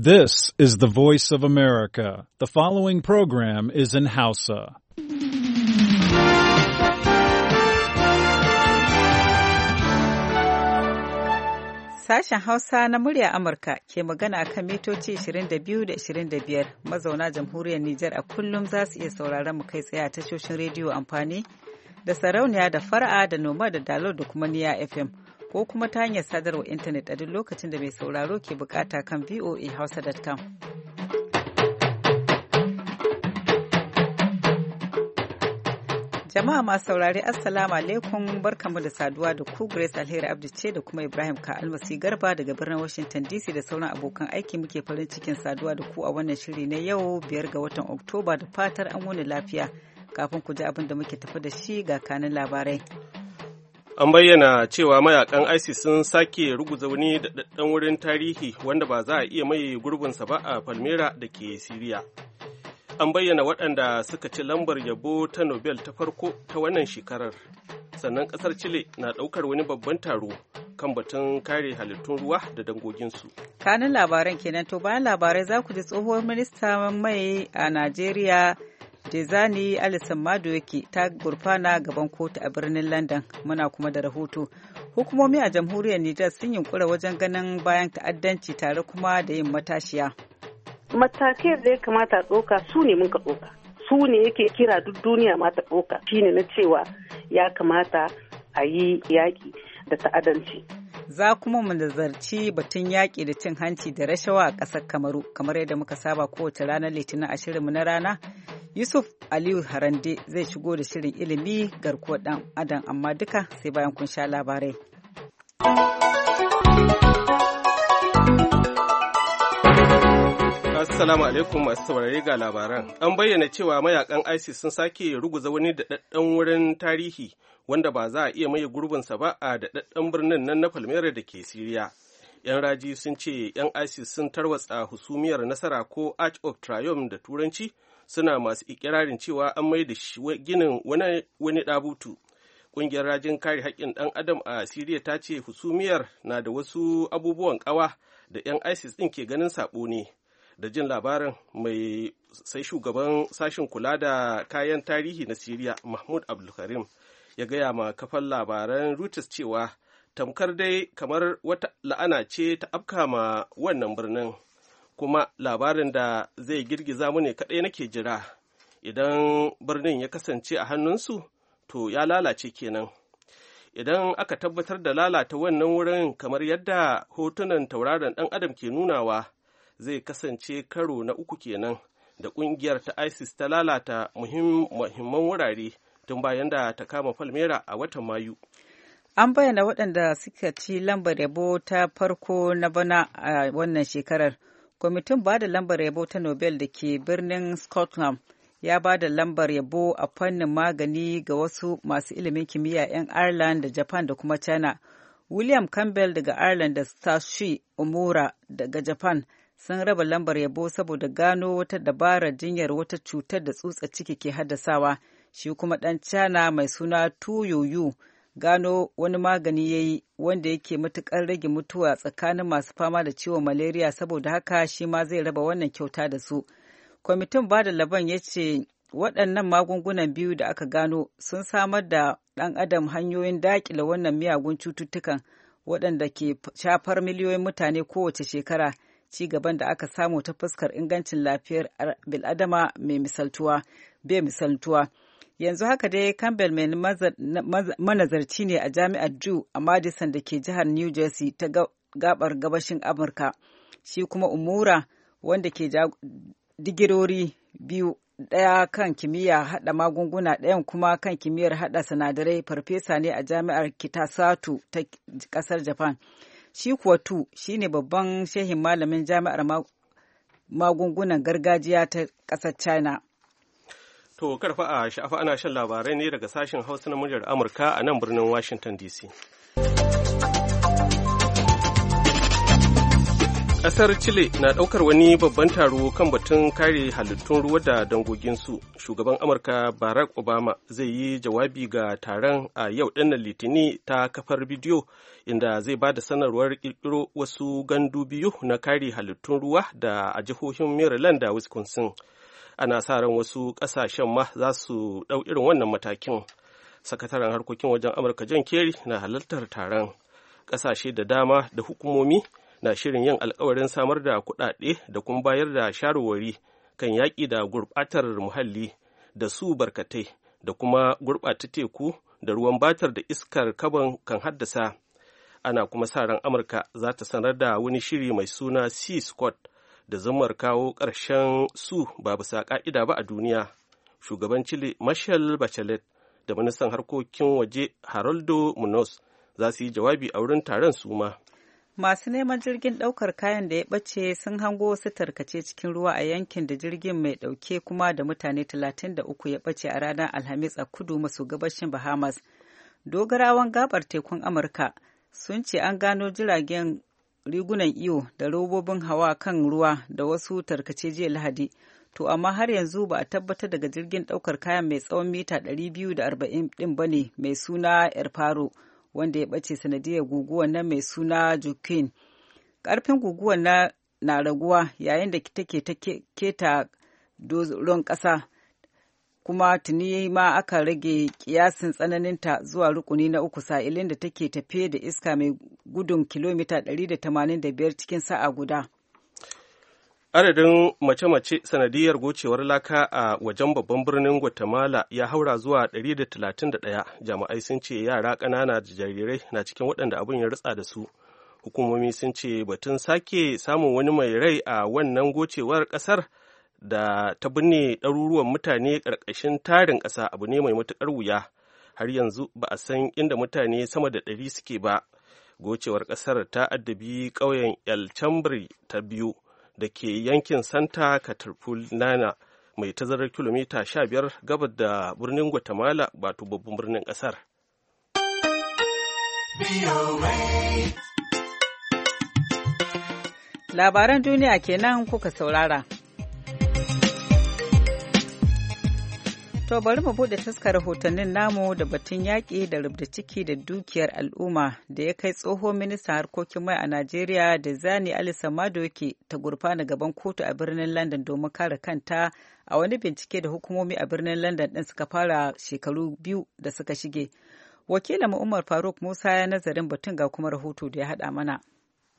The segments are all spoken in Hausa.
This is the voice of America. The following program is in Hausa. Sashen Hausa na murya Amurka ke magana a kan mitoci 22 da 25 mazauna jamhuriyar Nijar a kullum za su iya sauraron mu kai tsaye a tashoshin rediyo amfani da sarauniya da fara'a da noma da dalo da kuma niya FM. ko kuma ta hanyar sadarwar intanet a duk lokacin da mai sauraro ke bukata kan voahausa.com. Jama'a masu saurari Assalamu alaikum barkamu da saduwa da ku Grace Alheri abdu ce da kuma Ibrahim Ka Almasi Garba daga birnin Washington DC da sauran abokan aiki muke farin cikin saduwa da ku a wannan shiri na yau biyar ga watan Oktoba da fatar an wuni lafiya. Kafin ku ji abin da muke tafi da shi ga kanin labarai. an bayyana cewa mayakan isis sun sake ruguza wani daɗaɗɗen wurin tarihi wanda ba za a iya mai gurbinsa ba a palmera da ke siriya an bayyana waɗanda suka ci lambar yabo ta nobel ta farko ta wannan shekarar sannan ƙasar chile na ɗaukar wani babban taro kan batun kare halittun ruwa da dangoginsu kanin labaran kenan to bayan labarai za ku ji tsohuwar ministan mai a najeriya Tezani Alison Mado yake ta gurfana gaban kotu a birnin London muna kuma da rahoto. Hukumomi a jamhuriyar Nijar sun yunkura wajen ganin bayan ta'addanci tare kuma da yin matashiya. Matakai da ya kamata ɗoka su ne muka ɗoka. Su ne yake kira duk duniya ma ta shi ne na cewa ya kamata a yi yaƙi da ta'addanci. za kuma mu nazarci batun yaƙi da cin hanci da rashawa a ƙasar kamaru kamar yadda muka saba kowace ranar litinin a mu na rana yusuf aliyu harande zai shigo da shirin ilimi garkuwar ɗan adam amma duka sai bayan kun sha labarai Assalamu alaikum masu saurari ga labaran. An bayyana cewa mayakan ISIS sun sake ruguza wani daɗaɗɗen wurin tarihi wanda ba za a iya maye gurbinsa ba a daɗaɗɗen birnin nan na Palmyra da ke Siriya. 'Yan raji sun ce 'yan ISIS sun tarwatsa husumiyar nasara ko Arch of Triumph da Turanci suna masu ikirarin cewa an mai da ginin wani ɗabutu. Ƙungiyar rajin kare haƙƙin ɗan adam a Siriya ta ce husumiyar na da wasu abubuwan ƙawa da 'yan ISIS ɗin ke ganin saɓo ne. da jin labarin mai sai shugaban sashen kula da kayan tarihi na siriya mahmud abdulkarim ya gaya ma kafan labaran reuters cewa tamkar dai kamar wata la'ana ce ta afka ma wannan birnin kuma labarin da zai girgiza mu ne kaɗai nake jira idan birnin ya kasance a hannunsu to ya lalace kenan idan aka tabbatar da lalata wannan wurin kamar yadda hotunan tauraron ɗan adam ke nunawa zai kasance karo na uku kenan da kungiyar ta isis ta lalata muhimman wurare tun bayan da ta kama palmera a watan mayu an bayyana waɗanda suka ci lambar yabo ta farko na bana a wannan shekarar kwamitin ba da lambar yabo ta nobel da ke birnin scotland ya ba da lambar yabo a fannin magani ga wasu masu ilimin kimiyya 'yan ireland da japan da kuma china william campbell daga ireland da sashi umura daga japan sun raba lambar yabo saboda gano wata dabarar jinyar wata cutar da tsutsa ciki ke haddasawa shi kuma dan cana mai suna tuyoyu gano wani magani ya yi wanda yake matukar rage mutuwa tsakanin masu fama da ciwon malaria saboda haka shi ma zai raba wannan kyauta da su kwamitin bada laban ya ce waɗannan magungunan biyu da aka gano sun samar da ɗan adam hanyoyin daƙile wannan miyagun cututtukan waɗanda ke shafar miliyoyin mutane kowace shekara ci gaban da aka samu ta fuskar ingancin lafiyar biladama mai misaltuwa bai misaltuwa yanzu haka dai campbell mai manazarci ne a jami'ar drew a madison da ke jihar new jersey ta gabar gabashin amurka shi kuma umura wanda ke digirori biyu ɗaya kan kimiyya haɗa magunguna ɗayan kuma kan kimiyyar haɗa sinadarai farfesa ne a jami'ar kitasatu ta ƙasar japan Chikwatu shi ne babban shehin malamin jami'ar magungunan gargajiya ta ƙasar China. To karfa a sha'afa ana shan labarai ne daga sashen Hausa na muryar Amurka a nan birnin Washington DC. kasar Chile na daukar wani babban taro kan batun kare halittun ruwa da dangoginsu. Shugaban Amurka Barack Obama zai yi jawabi ga taron a yau ɗinnan Litini ta kafar bidiyo inda zai ba da sanarwar ƙirƙiro wasu gandu biyu na kare halittun ruwa da a jihohin Maryland da Wisconsin. Ana sa ran wasu ƙasashen ma za su ɗau irin wannan matakin. Sakataren harkokin wajen Amurka John Kerry na halartar taron. Ƙasashe da dama da hukumomi na shirin yin alkawarin samar da kuɗaɗe da kuma bayar da shawarwari kan yaƙi da gurɓatar muhalli da su barkatai da kuma gurɓata teku da ruwan batar da iskar kaban kan haddasa ana kuma sa ran amurka za ta sanar da wani shiri mai suna sea squad da zumar kawo ƙarshen su ba bisa ƙa'ida ba a duniya shugaban chile marshal bachelet da ministan harkokin waje haroldo munoz za su yi jawabi a wurin taron suma. masu neman jirgin ɗaukar kayan da ya ɓace sun hango wasu tarkace cikin ruwa a yankin da jirgin mai ɗauke kuma da mutane 33 ya ɓace a ranar alhamis a kudu maso gabashin bahamas dogarawan gabar tekun amurka sun ce an gano jiragen rigunan iyo da robobin hawa kan ruwa da wasu tarkace jiya lahadi to amma har yanzu ba a tabbatar daga jirgin ɗaukar kayan mai tsawon mita 240 ɗin bane mai suna erfaro faro wanda ya ɓace sanadiyar guguwar na mai suna Jukin. Ƙarfin guguwar na, na raguwa yayin da take ta keta doron ƙasa kuma tuni ma aka rage kiyasin tsananinta zuwa rukuni na uku sa'ilin da take tafiye da iska mai gudun kilomita 185 cikin sa'a guda. adadin mace-mace sanadiyar gocewar laka a wajen babban birnin guatemala ya haura zuwa 131 Jama'ai sun ce yara ƙanana da jarirai na cikin waɗanda abin ya ritsa da su hukumomi sun ce batun sake samun wani mai rai a wannan gocewar ƙasar da ta binne ɗaruruwan mutane ƙarƙashin tarin ƙasa abu ne mai matuƙar wuya har yanzu ba a san inda mutane sama da ɗari suke ba gocewar ƙasar ta addabi ƙauyen el ta biyu da ke yankin santa catarpulana mai tazarar kilomita 15 gabar da birnin guatemala wato babban birnin ƙasar. labaran duniya kenan kuka saurara To bari mu buɗe taskar rahotannin namu da batun yaƙi da rubda ciki da dukiyar al'umma da ya kai tsohon ministan harkokin mai a Najeriya da Zani Ali Samado yake ta gurfana gaban kotu a birnin London domin kare kanta a wani bincike da hukumomi a birnin London ɗin suka fara shekaru biyu da suka shige. Wakilin Umar Faruk Musa ya nazarin batun ga kuma rahoto da ya haɗa mana.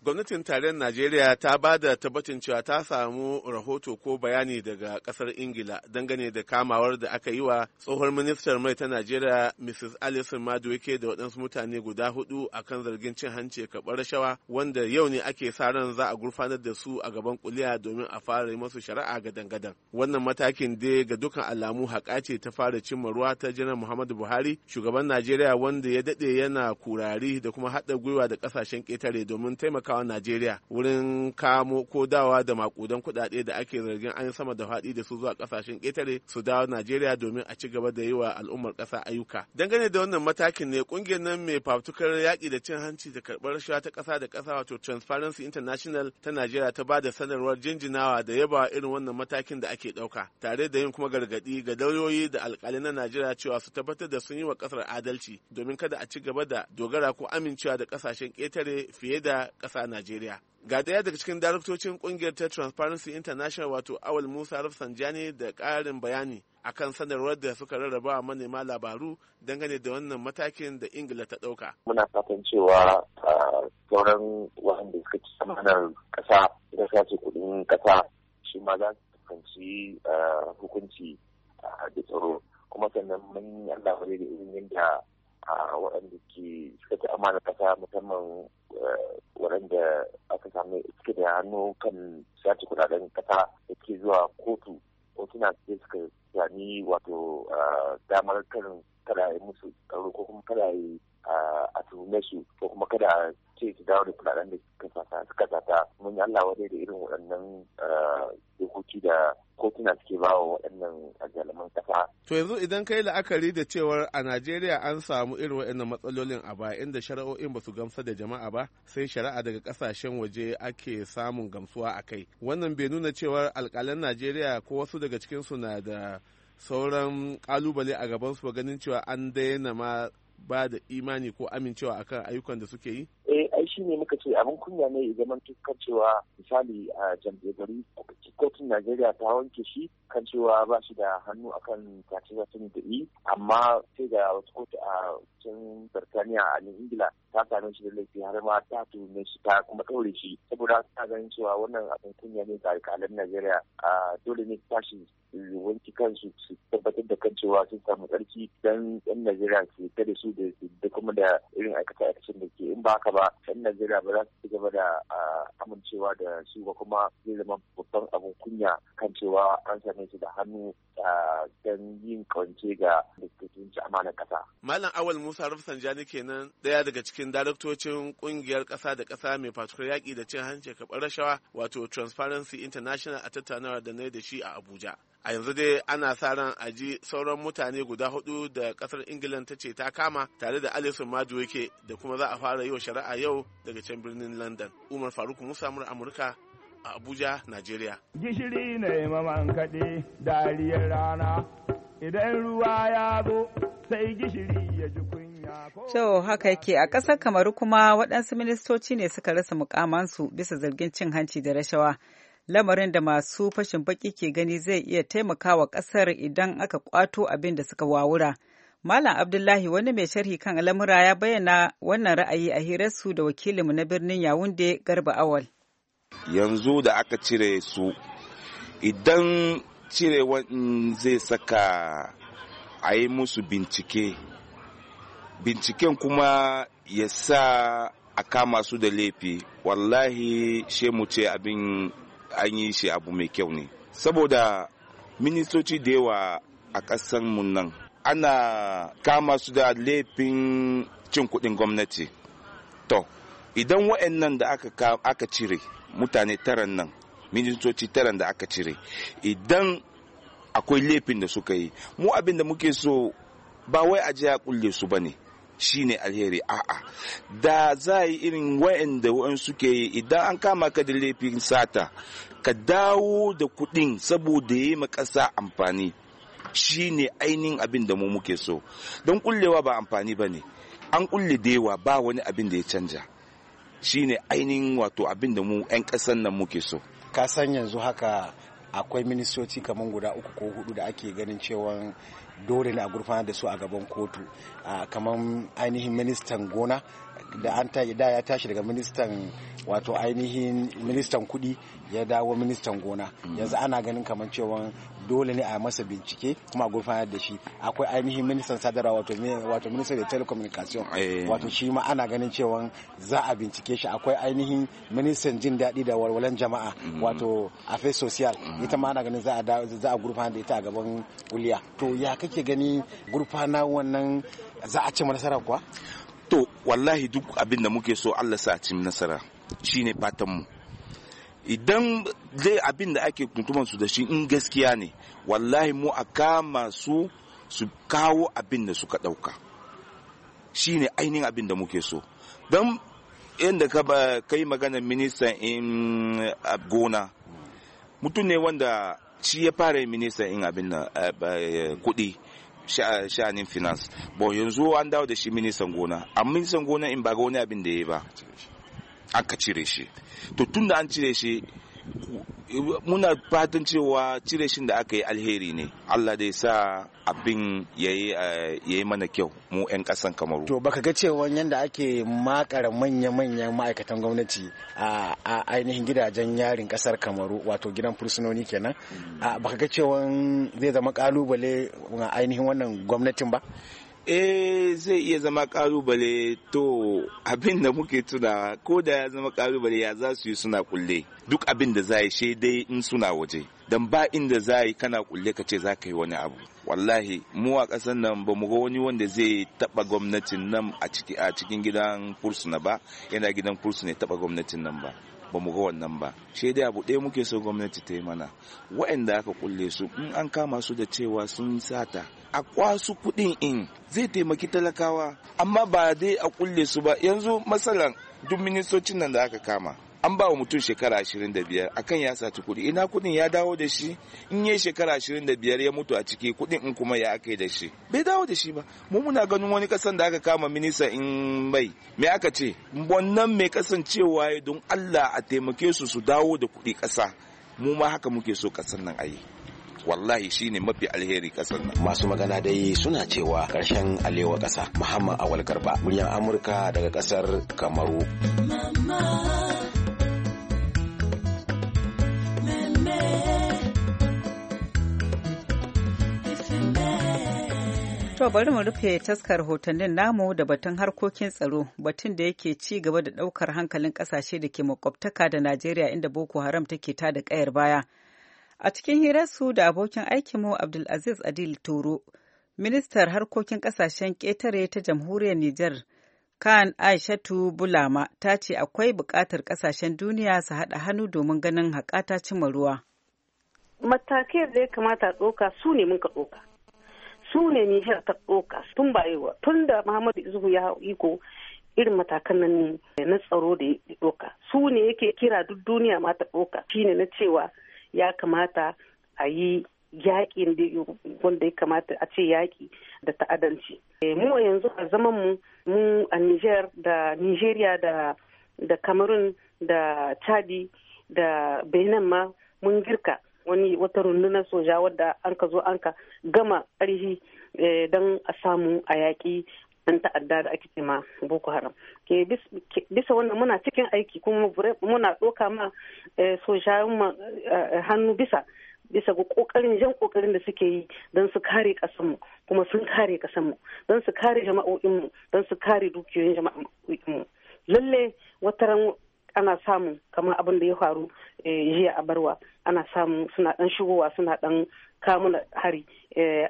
Gwamnatin tarayyar Najeriya ta ba da tabbacin cewa ta samu rahoto ko bayani daga kasar Ingila dangane da kamawar da aka yi wa tsohon ministar mai ta Najeriya Mrs. Alison Maduweke da waɗansu mutane guda hudu akan zargin cin hanci karɓar rashawa wanda yau ne ake sa ran za a gurfanar da su a gaban kuliya domin a fara masu shari'a ga dangadan. Wannan matakin dai ga dukkan alamu haƙa ce ta fara cimma ruwa ta janar Muhammadu Buhari shugaban Najeriya wanda ya daɗe yana kurari da kuma haɗa gwiwa da ƙasashen ƙetare domin taimaka taimakawa Najeriya wurin kamo ko dawa da makudan kuɗaɗe da ake zargin an sama da faɗi da su zuwa ƙasashen ƙetare su dawo Najeriya domin a ci gaba da yi wa al'ummar ƙasa ayyuka. Dangane da wannan matakin ne ƙungiyar nan mai fafutukar yaƙi da cin hanci da karɓar rashawa ta ƙasa da ƙasa wato Transparency International ta Najeriya ta ba da sanarwar jinjinawa da yaba irin wannan matakin da ake ɗauka tare da yin kuma gargadi, ga lauyoyi da alƙalai na Najeriya cewa su tabbatar da sun yi wa ƙasar adalci domin kada a ci gaba da dogara ko amincewa da ƙasashen ƙetare fiye da ƙasa a Najeriya. Ga ɗaya daga cikin daraktocin ƙungiyar ta Transparency International wato Awal Musa Rafsanjani da ƙarin bayani akan sanarwar da suka rarraba manema labaru dangane da wannan matakin da Ingila ta ɗauka. Muna fatan cewa sauran wanda suka ci samanar ƙasa da sace kuɗin ƙasa shi ma za su fuskanci hukunci da tsaro kuma sannan mun yi Allah da irin yadda a waɗanda ke suka ci amana kasa musamman eh, waɗanda aka sami suke da hannu kan sace kudaden kasa da ke zuwa kotu kotuna sai suka sami wato eh, damar kan kada musu tsaro ko kuma kada a eh, tuhume su ko kuma kada ce su dawo da kuɗaɗen da suka sata mun yi Allah da irin waɗannan ah, dokoki da kotuna suke ba wa waɗannan ajalaman kafa. To yanzu idan yi la'akari da cewar a Najeriya an samu irin waɗannan matsalolin a baya inda shari'o'in ba su gamsa da jama'a ba sai shari'a daga ƙasashen waje ake samun gamsuwa a kai. Wannan bai nuna cewar alƙalan Najeriya ko wasu daga cikinsu na da sauran ƙalubale a gaban su ba ganin cewa an daina ma ba da imani ko amincewa akan ayyukan da suke yi? Eh ai shi ne muka ce abin kunya ne ya zama kan cewa misali a jam'iyyar gari kotun najeriya ta wanke shi kan cewa ba shi da hannu akan kace za da yi amma sai da wata kotu a cikin birtaniya a new ingila ta sami shi da laifi har ma ta tume shi ta kuma ɗaure shi saboda ta ganin cewa wannan abin kunya ne ga alƙalin najeriya dole ne tashi wanki kansu su tabbatar da kan cewa sun samu tsarki dan yan najeriya su da su da kuma da irin aikace-aikacen da ke in ba haka ba 'yan Najeriya ba za su ci gaba da amincewa da su ba kuma zai zama babban abin kunya kan cewa an same su da hannu don yin kawance ga dukkanci amanar kasa Malam Awal Musa Rafsanjani kenan daya daga cikin daraktocin kungiyar kasa da kasa mai fatukar yaƙi da cin hanci karɓar rashawa wato Transparency International a tattaunawar da na da shi a Abuja. a yanzu dai ana sa ran a ji sauran mutane guda hudu da kasar ingila ta ce ta kama tare da alison yake da kuma za a fara yi wa shari'a yau daga can birnin london umar faruk musa mura amurka a abuja nigeria gishiri ne maman kaɗe dariyar rana idan ruwa ya zo sai gishiri ya ji to haka yake a ƙasar kamaru kuma waɗansu ministoci ne suka rasa mukamansu bisa zargin cin hanci da rashawa lamarin da masu fashin baki ke gani zai iya taimakawa ƙasar idan aka kwato abin da suka wawura. Malam Abdullahi wani mai sharhi kan al'amura ya bayyana wannan ra'ayi a hirarsu da wakilinmu na birnin Yawunde Garba Awal. Yanzu da aka cire su, idan cire zai saka a yi musu bincike, binciken kuma ya sa a kama su da laifi, wallahi shemu ce abin an yi shi abu mai kyau ne saboda ministoci da yawa a ƙasar mu nan ana kama su da laifin cin kuɗin gwamnati to idan wa'annan da aka cire mutane taran nan ministoci taran da aka cire idan akwai laifin da suka yi mu abin da muke so ba wai aje a kulle su ne. shine alheri a'a da za yi irin wa'anda wa'in suke yi idan an kama ka da laifin sata ka dawo da kuɗin saboda ya yi makasa amfani ne ainihin abin da mu muke so don kullewa ba amfani ba ne an kulle dewa ba wani abin da ya canja shine ainihin wato abin da mu 'yan ƙasan nan muke so ka san yanzu haka akwai ministoci kamar guda uku ko hudu da ake ganin cewa dole ne a gurfanar da su a gaban kotu kamar ainihin ministan gona da an tashi da ya tashi daga ministan wato ainihin ministan kudi ya dawo ministan gona mm. yanzu ana ganin kamar cewa dole ne a masa bincike kuma a gurfana da shi akwai ainihin ministan sadarwa wato wato ministan da telecommunication eh. wato shi ma ana ganin cewa za a bincike shi akwai ainihin ministan jin daɗi da walwalan jama'a mm. wato affairs social mm. ita ma ana ganin za a za a da ita a gaban kuliya to ya kake gani gurfana wannan za a ci nasara kuwa to wallahi duk abin da muke so Allah sa cin nasara shine fatan mu idan dai abin da ake tuntuman su da shi in gaskiya ne wallahi mu a kama su su kawo abin da suka dauka shine ainihin abin da muke so don yadda ka kai magana ministan in gona mutum ne wanda shi ya fara minista in abin eh, eh, kudi sha'anin finance bon yanzu an dawo da shi ministan gona a ministan gona in ba ga wani abin da ya yi ba ka cire shi to tun da an cire shi muna fatan cewa cire shin da aka yi alheri ne Allah dai sa abin ya yi eh, mana kyau mu 'yan kasan kamaru to baka ga cewa yadda ake makara manya-manyan ma'aikatan gwamnati a ainihin gidajen yarin ƙasar kamaru wato gidan fursunoni kenan baka ga cewa zai zama ƙalubale a ainihin wannan gwamnatin ba eh zai iya zama ƙalubale to abin da muke tuna ko da ya zama ƙalubale ya za su yi suna kulle duk abin da za yi shi dai in suna waje dan ba inda za yi kana kulle ka ce za ka yi wani abu wallahi mu a ƙasar nan ba mu ga wani wanda zai taɓa gwamnatin nan a cikin gidan fursuna ba yana gidan fursuna ne taɓa gwamnatin nan ba ba mu ga wannan ba shi dai abu ɗaya muke so gwamnati ta yi mana waɗanda aka kulle su in an kama su da cewa sun sata a kwasu kuɗin in zai taimaki talakawa amma ba dai a kulle su ba yanzu matsalan duk ministocin nan da aka kama an ba wa mutum shekara 25 akan ya sati kuɗi ina kuɗin ya dawo da shi in ya shekara 25 ya mutu a ciki kuɗin in kuma ya aka da shi bai dawo da shi ba mu muna ganin wani kasan da aka kama minista in bai me aka ce wannan mai kasancewa don Allah a taimake su su dawo da kuɗi kasa mu ma haka muke so ƙasar nan a yi wallahi shine mafi alheri kasar nan masu magana dai suna cewa karshen alewa kasa muhammad awal garba muryar amurka daga kasar kamaru To bari mu rufe taskar hotonnin namu da batun harkokin tsaro batun da yake ci gaba da ɗaukar hankalin ƙasashe da ke makwabtaka da Najeriya inda Boko Haram take ta da kayar baya. A cikin hirarsu da abokin aikinmu Abdulaziz Adil Toro, ministar harkokin kasashen ƙetare ta jamhuriyar Nijar, Kan Aishatu Bulama ta ce akwai bukatar kasashen duniya su haɗa hannu domin ganin haƙata cima ruwa. Matakai da ya kamata tsoka su ne muka tsoka. Su ne Nijar ta tsoka tun bayewa tun da Muhammadu Izuhu ya iko irin matakan nan ne na tsaro da ya tsoka. Su ne yake kira duk duniya ma ta tsoka shine na cewa ya kamata a yi yaƙin wanda ya kamata a ce yaƙi da ta'adanci. Eh, mu yanzu a zaman mu mu a Niger da Nigeria da da Cameroon da Chadi da Benin ma mun girka wani wata rundunar soja wadda an ka zo an ka gama ƙarfi eh, don a samu a yaƙi an ta'adda da ake ce ma boko haram ke bisa wannan muna cikin aiki kuma muna ɗoka ma eh, sojayen eh, hannu bisa bisa ga kokarin jan kokarin da suke yi don su kare kasanmu kuma sun kare kasanmu don su kare jama'o'inmu don su kare dukiyoyin jama'o'inmu lalle wataran ana samun kamar abin da ya faru eh, jiya a barwa ana samun suna dan shigowa suna dan kamuna hari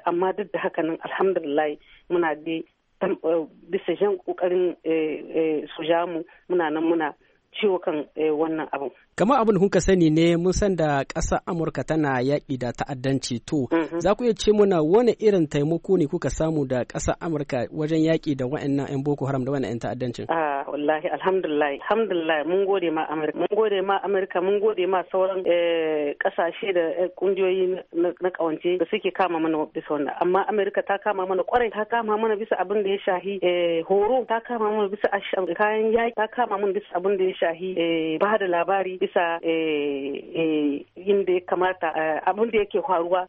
amma duk da haka nan alhamdulillah muna dai Eh, bisa jan kokarin eh, eh, su ja mu muna nan muna ciwo kan wannan abin. Kamar abin da kuka sani ne mun san da ƙasa Amurka tana yaƙi da ta'addanci to mhm. za ku iya ce muna wani irin taimako ne kuka samu da ƙasa Amurka wajen yaƙi da waɗannan 'yan Boko Haram da waɗannan 'yan ta'addancin? Ah, wallahi alhamdulillah alhamdulillah mun gode ma Amurka mun gode ma Amurka mun gode ma sauran eh, kasashe da eh, kungiyoyi na kawance da suke kama mana bisa wannan amma Amurka ta kama mana kwarai ta kama mana bisa abin da ya shahi eh, horo ta kama mana bisa kayan yaki ta kama mana bisa abin da ya shahi ba da labari bisa inda ya kamata abin da yake faruwa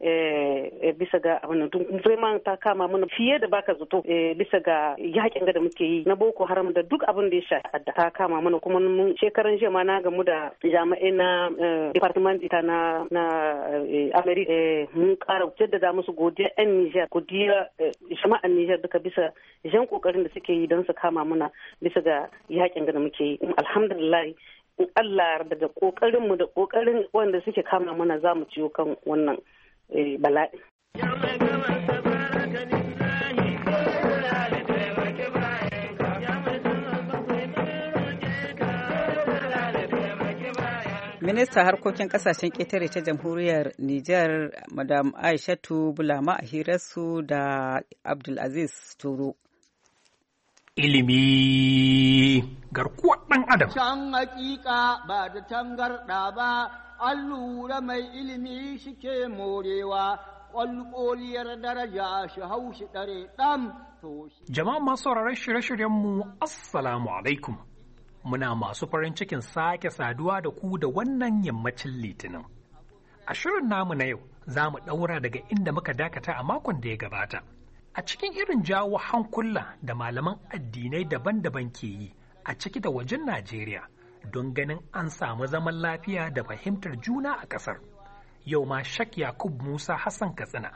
bisa ga abin da ta kama mana fiye da baka zato bisa ga yakin da muke yi na Boko Haram da duk abin abin da ya shafi ta kama mana kuma mun shekaran jiya ma na gamu da jami'ai na eh, department ita na na eh, America eh, mun kara jaddada musu godiya yan Niger godiya jama'an Niger duka bisa jan kokarin da suke yi don su kama muna bisa ga yakin da muke yi alhamdulillah in Allah daga kokarin mu da kokarin wanda suke kama mana za mu ciyo kan wannan bala'i. Minista harkokin kasashen ƙetare ta jamhuriyar Nijar, Madam Aishatu Bulama a hirarsu da Abdulaziz Turo. Ilimi garkuwar ɗan Adam. Can hakika ba da tangarɗa ba, an lura mai ilimi shike morewa, ƙwalƙoliyar daraja shi haushi ɗare ɗan. Jama'a masu sauraron shirye-shiryenmu, Assalamu alaikum. muna masu farin cikin sake saduwa da ku da wannan yammacin litinin. A shirin namu na yau za mu ɗaura daga inda muka dakata a makon da ya gabata. A cikin irin jawo hankula da malaman addinai daban-daban ke yi a ciki da wajen Najeriya don ganin an samu zaman lafiya da fahimtar juna a ƙasar. Yau ma Shak Yakub Musa Hassan Katsina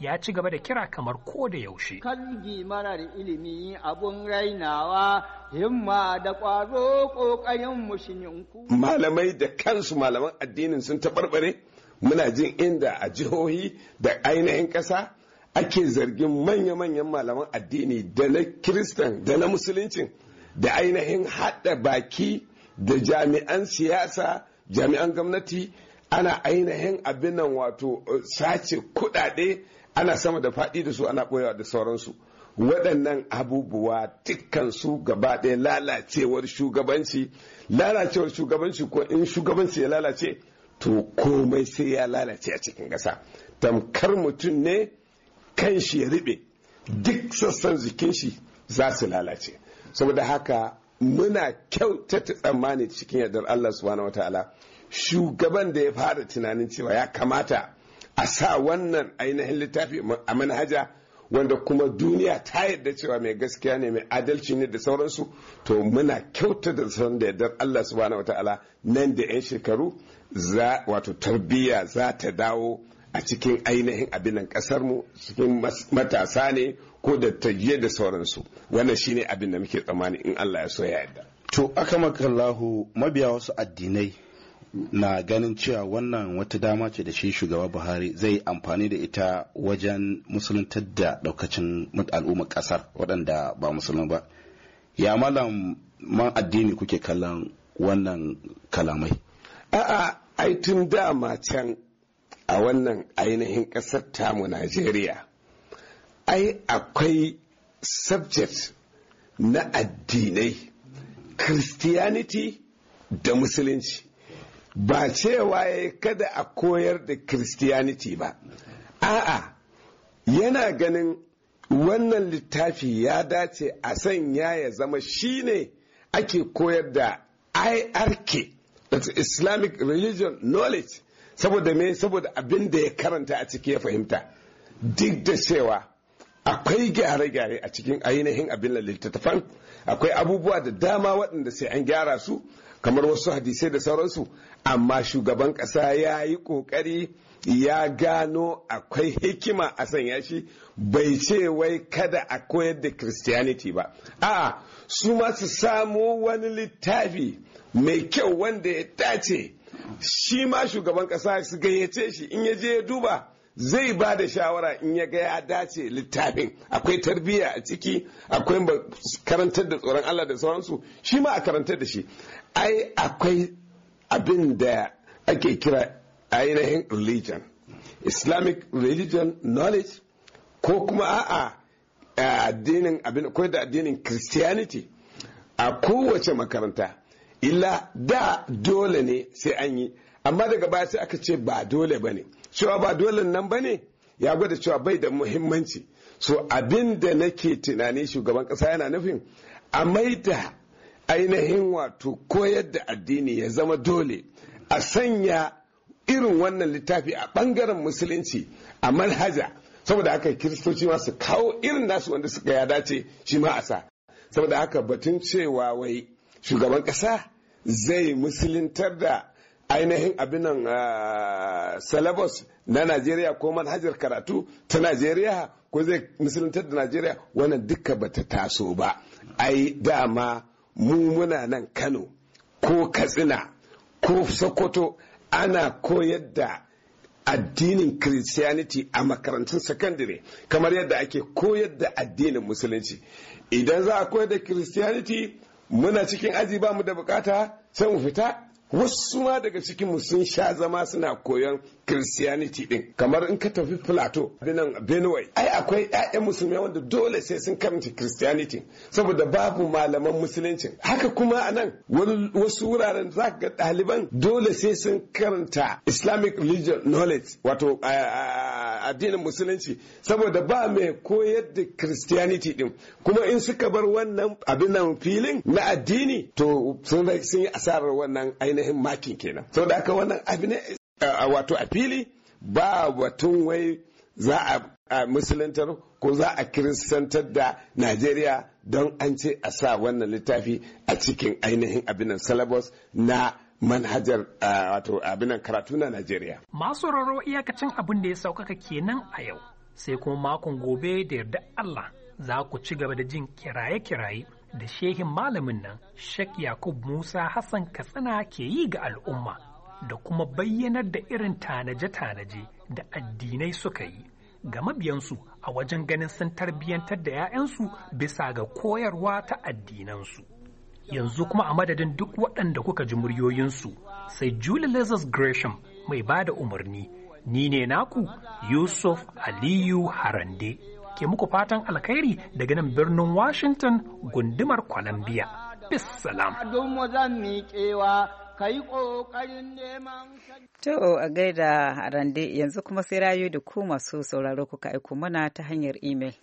ya ci gaba da kira kamar ko da yaushe. Kalgi marar ilimi abun rainawa himma da ƙwaro ƙoƙarin mushininku. Malamai da kansu malaman addinin sun taɓarɓare muna jin inda a jihohi da ainihin ƙasa ake zargin manya-manyan malaman addini da na kiristan da na musuluncin da ainihin haɗa baki da jami'an siyasa jami'an gwamnati ana ainihin abinan wato eh, sace kuɗaɗe ana sama da faɗi da su ana ɓoyawa da sauransu waɗannan abubuwa dukkansu gaba ɗaya lalacewar shugabanci lalacewar shugabanci ko in shugabanci ya lalace to komai sai ya lalace a cikin ƙasa tamkar mutum ne kan shi ya riɓe duk sassan jikin shi za su lalace saboda haka muna kyautata tsammani cikin yardar Allah subhanahu wataala shugaban da ya fara tunanin cewa ya kamata a sa wannan ainihin littafi a manhaja wanda kuma duniya ta yadda cewa mai gaskiya ne mai adalci ne da sauransu to muna kyauta da sauran da yadda Allah subhanahu wataala nan da 'yan shekaru za wato tarbiyya za ta dawo a cikin ainihin abinan mu cikin matasa ne ko da tajiye da sauransu wannan shine abin da muke tsammani in Allah ya so ya yadda. to aka makallahu mabiya wasu addinai na ganin cewa wannan wata dama ce da shi shugaba buhari zai amfani da ita wajen musuluntar da daukacin al'ummar kasar waɗanda ba musulun ba ya malam man addini kuke kallon wannan kalamai a'a ai tun dama can a wannan ainihin ƙasar tamu najeriya ai akwai subject na addinai christianity da musulunci ba cewa ya kada a koyar da christianity ba a'a yana ganin wannan littafi ya dace a sanya ya zama shine ake koyar da irk that's islamic religion knowledge saboda me saboda abin da ya karanta a ciki ya fahimta duk da cewa akwai gyare-gyare a cikin ainihin abin littattafan akwai abubuwa da dama waɗanda sai an gyara su kamar wasu hadisai da sauransu amma shugaban ƙasa ya yi ƙoƙari ya gano akwai hikima a sanya shi bai ce wai kada a koyar da christianity ba a'a su masu su samo wani littafi mai kyau wanda ya dace shi ma shugaban ƙasa su gayyace shi in ya je ya duba zai ba da shawara in ya ga ya dace littafin akwai tarbiyya a ciki akwai karantar da tsoron Allah da sauransu shi ma a karantar da shi ai akwai abin da ake kira ainihin religion islamic religion knowledge ko kuma a'a addinin abin akwai da addinin christianity a kowace makaranta illa da dole ne sai an yi amma daga baya sai aka ce ba dole ba ne cewa ba dole nan ba ne ya gwada cewa bai da muhimmanci so abin da nake tunani shugaban kasa yana nufin a maida ainihin wato koyar da addini ya zama dole a sanya irin wannan littafi a bangaren musulunci a manhaja saboda haka kiristoci masu kawo irin nasu wanda suka ya dace shi ma a saboda haka batun cewa wai shugaban kasa zai musuluntar da ainihin abinan ah, salabos na najeriya ko manhajar karatu ta najeriya ko zai musuluntar da najeriya wannan duka bata taso ba ai dama mu muna nan kano ko katsina ko sokoto ana koyar da addinin christianity a makarantun sakandare kamar yadda ake koyar da addinin musulunci idan za a koyar da christianity muna cikin aji ba mu da bukata sai mu fita wasu ma daga cikin sun sha zama suna koyon christianity din kamar in ka tafi plateau binan benway ai akwai 'ya'yan musulmai wanda dole sai sun karanta christianity saboda babu malaman musulunci haka kuma a nan wasu wuraren za ga ɗaliban dole sai sun karanta islamic religion knowledge wato addinin musulunci saboda ba mai koyar da christianity din kuma in suka bar wannan abin nan filin na addini to sun yi asarar wannan ainihin ainihin makin kenan da aka wannan abin wato a fili ba batun wai za a musuluntar ko za a kiristantar da najeriya don an ce a sa wannan littafi a cikin ainihin abinan syllabus na manhajar wato abinan karatu na najeriya masu roro iyakacin abin da ya saukaka kenan a yau sai kuma makon gobe da yarda allah za ku ci gaba da jin kiraye-kiraye da shehin malamin nan Sheikh Yakub Musa Hassan Katsina ke yi ga al'umma da kuma bayyanar da irin tanaje-tanaje da addinai suka yi ga mabiyansu a wajen ganin sun tarbiyyantar da 'ya'yansu bisa ga koyarwa ta addinansu. Yanzu kuma a madadin duk waɗanda kuka ji muryoyinsu sai Julie Gresham mai ba da umarni, ni ne naku Yusuf Aliyu Harande. ke muku fatan alkhairi daga nan birnin Washington gundumar Columbia. Bis salam. To a gaida a rande yanzu kuma sai rayu da ku masu sauraro kuka aiko mana ta hanyar imel.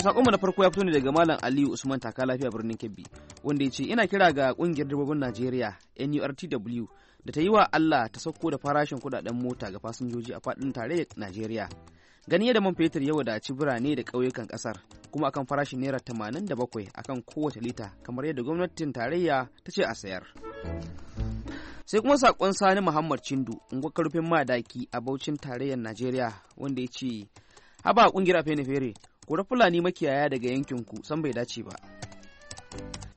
To mu na farko ya fito ne daga Malam Aliyu Usman Taka Lafiya birnin Kebbi wanda ya ce ina kira ga kungiyar dabbobin Najeriya NURTW da ta yi wa Allah ta sauko da farashin kudaden mota ga fasinjoji a faɗin tarayyar Najeriya. Gani yadda man fetur ya wadaci birane da ƙauyukan ƙasar kuma akan farashin naira tamanin da bakwai akan kowace lita kamar yadda gwamnatin tarayya ta ce a sayar. Sai kuma sakon Sani Muhammad Chindu, unguwar rufin madaki a baucin tarayyar Najeriya wanda ya ce haba kungiyar fene fere kura Fulani makiyaya daga yankinku san bai dace ba.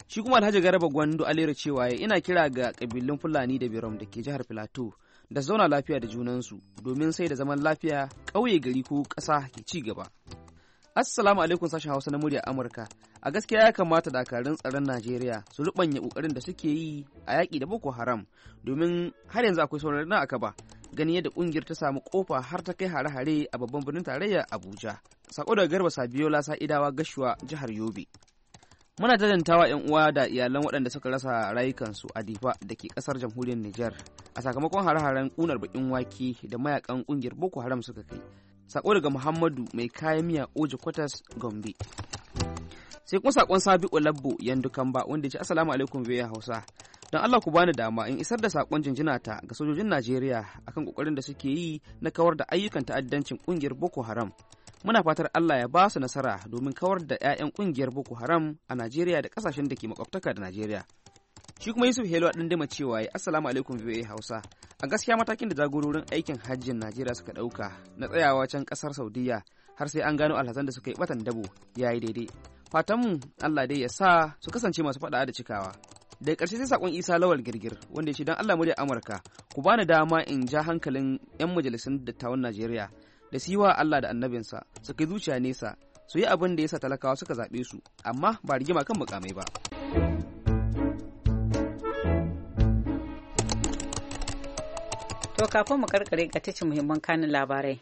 Shi kuma Alhaji Garba Gwandu Alera cewa ya ina kira ga kabilun Fulani da Biram da ke jihar Filato da zauna lafiya da junansu domin sai da zaman lafiya ƙauye gari ko ƙasa ke ci gaba. Assalamu alaikum sashen Hausa na murya Amurka. A gaskiya ya kamata dakarun tsaron Najeriya su rubanya kokarin da suke yi a yaƙi da Boko Haram domin har yanzu akwai saurari na aka ba. gani yadda kungiyar ta samu kofa har ta kai hare-hare a babban birnin tarayya Abuja. Sako daga Garba Sabiola idawa Gashuwa jihar Yobe. Muna jajantawa 'yan uwa da iyalan waɗanda suka rasa rayukansu a Difa da ke ƙasar jamhuriyar Nijar a sakamakon hare-haren ƙunar bakin wake da mayakan ƙungiyar Boko Haram suka kai. Sako daga Muhammadu mai kayan miya Oji Kwatas Gombe. Sai kuma sakon Sabi'u Labbo Yandukan ba wanda ya ce Assalamu alaikum biyu Hausa. don Allah ku bani dama in isar da sakon jinjina ta ga sojojin Najeriya akan kokarin da suke yi na kawar da ayyukan ta'addancin kungiyar Boko Haram. Muna fatar Allah ya ba su nasara domin kawar da 'ya'yan ƙungiyar Boko Haram a Najeriya da kasashen da ke makwabtaka da Najeriya. Shi kuma Yusuf Helo ɗin dima cewa ya Assalamu alaikum VOA Hausa. A gaskiya matakin da jagororin aikin hajjin Najeriya suka ɗauka na tsayawa can ƙasar Saudiya har sai an gano alhazan da suka yi batan dabo ya yi daidai. Fatanmu Allah dai ya sa su kasance masu faɗa da cikawa. daga ƙarshe sai sakon isa lawal girgir wanda ya ce don allah murya amurka ku bani dama in ja hankalin 'yan majalisun dattawan najeriya da su yi wa allah da annabinsa su kai zuciya nesa su yi abin da ya sa talakawa suka zaɓe su amma ba rigima kan mukamai ba to kafin mu karkare ga tashin muhimman kanin labarai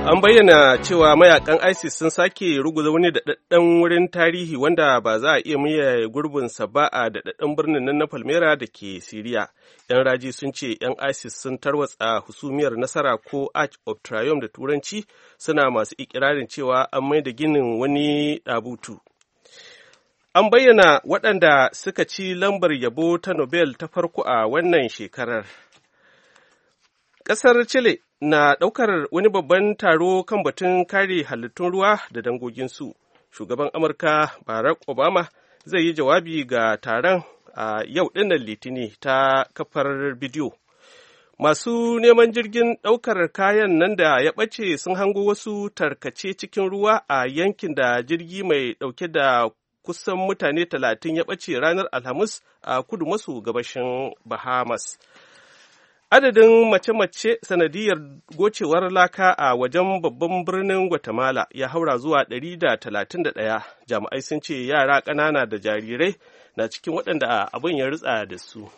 An bayyana cewa mayakan ISIS sun sake ruguza wani daɗaɗɗen wurin tarihi wanda ba za a iya miya gurbinsa ba a daɗaɗɗen birnin nan na Palmera da ke Siriya. 'Yan raji sun ce 'yan ISIS sun tarwatsa husumiyar nasara ko Arch of Triumph da Turanci suna masu ikirarin cewa an mai da ginin wani ɗabutu. An bayyana waɗanda suka ci lambar yabo ta Nobel ta farko a wannan shekarar. Ƙasar Chile na ɗaukar wani babban taro kan batun kare halittun ruwa da dangoginsu. Shugaban Amurka Barack Obama zai yi jawabi ga taron a yau ɗinnan Litini ta kafar bidiyo. Masu neman jirgin ɗaukar kayan nan da ya ɓace sun hango wasu tarkace cikin ruwa a yankin da jirgi mai ɗauke da kusan mutane talatin ya ɓace ranar Alhamis a kudu maso gabashin Bahamas. Adadin mace-mace sanadiyar gocewar laka a wajen babban birnin Guatemala ya haura zuwa 131 jami'ai sun ce yara ƙanana da jarirai na cikin waɗanda abin ya ritsa da su.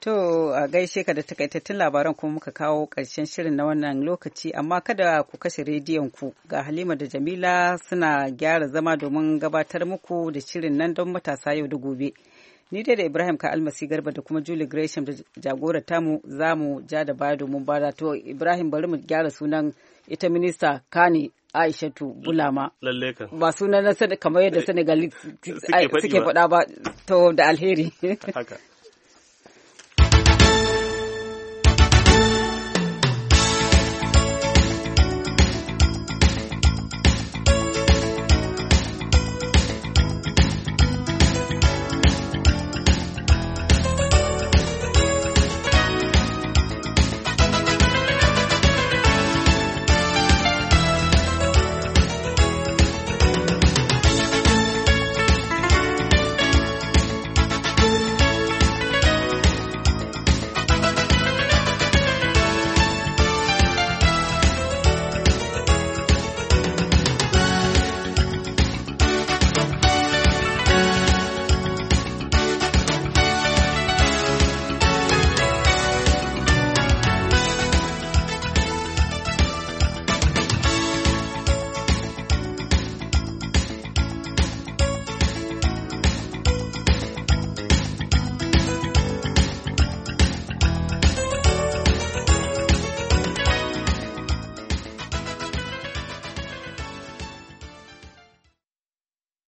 To a gaishe ka da takaitattun labaran kuma muka kawo ƙarshen shirin na wannan lokaci amma kada ku kashe rediyon ku ga Halima da Jamila suna gyara zama domin gabatar muku da shirin nan don matasa yau da gobe. ni dai da ibrahim ka almasi garba da kuma julie gresham da jagorar tamu za mu ja da baya domin bada to ibrahim bari mu gyara sunan ita minista kani aishatu bulama ba sunan kamar yadda eh, senegal suke faɗa ba to da alheri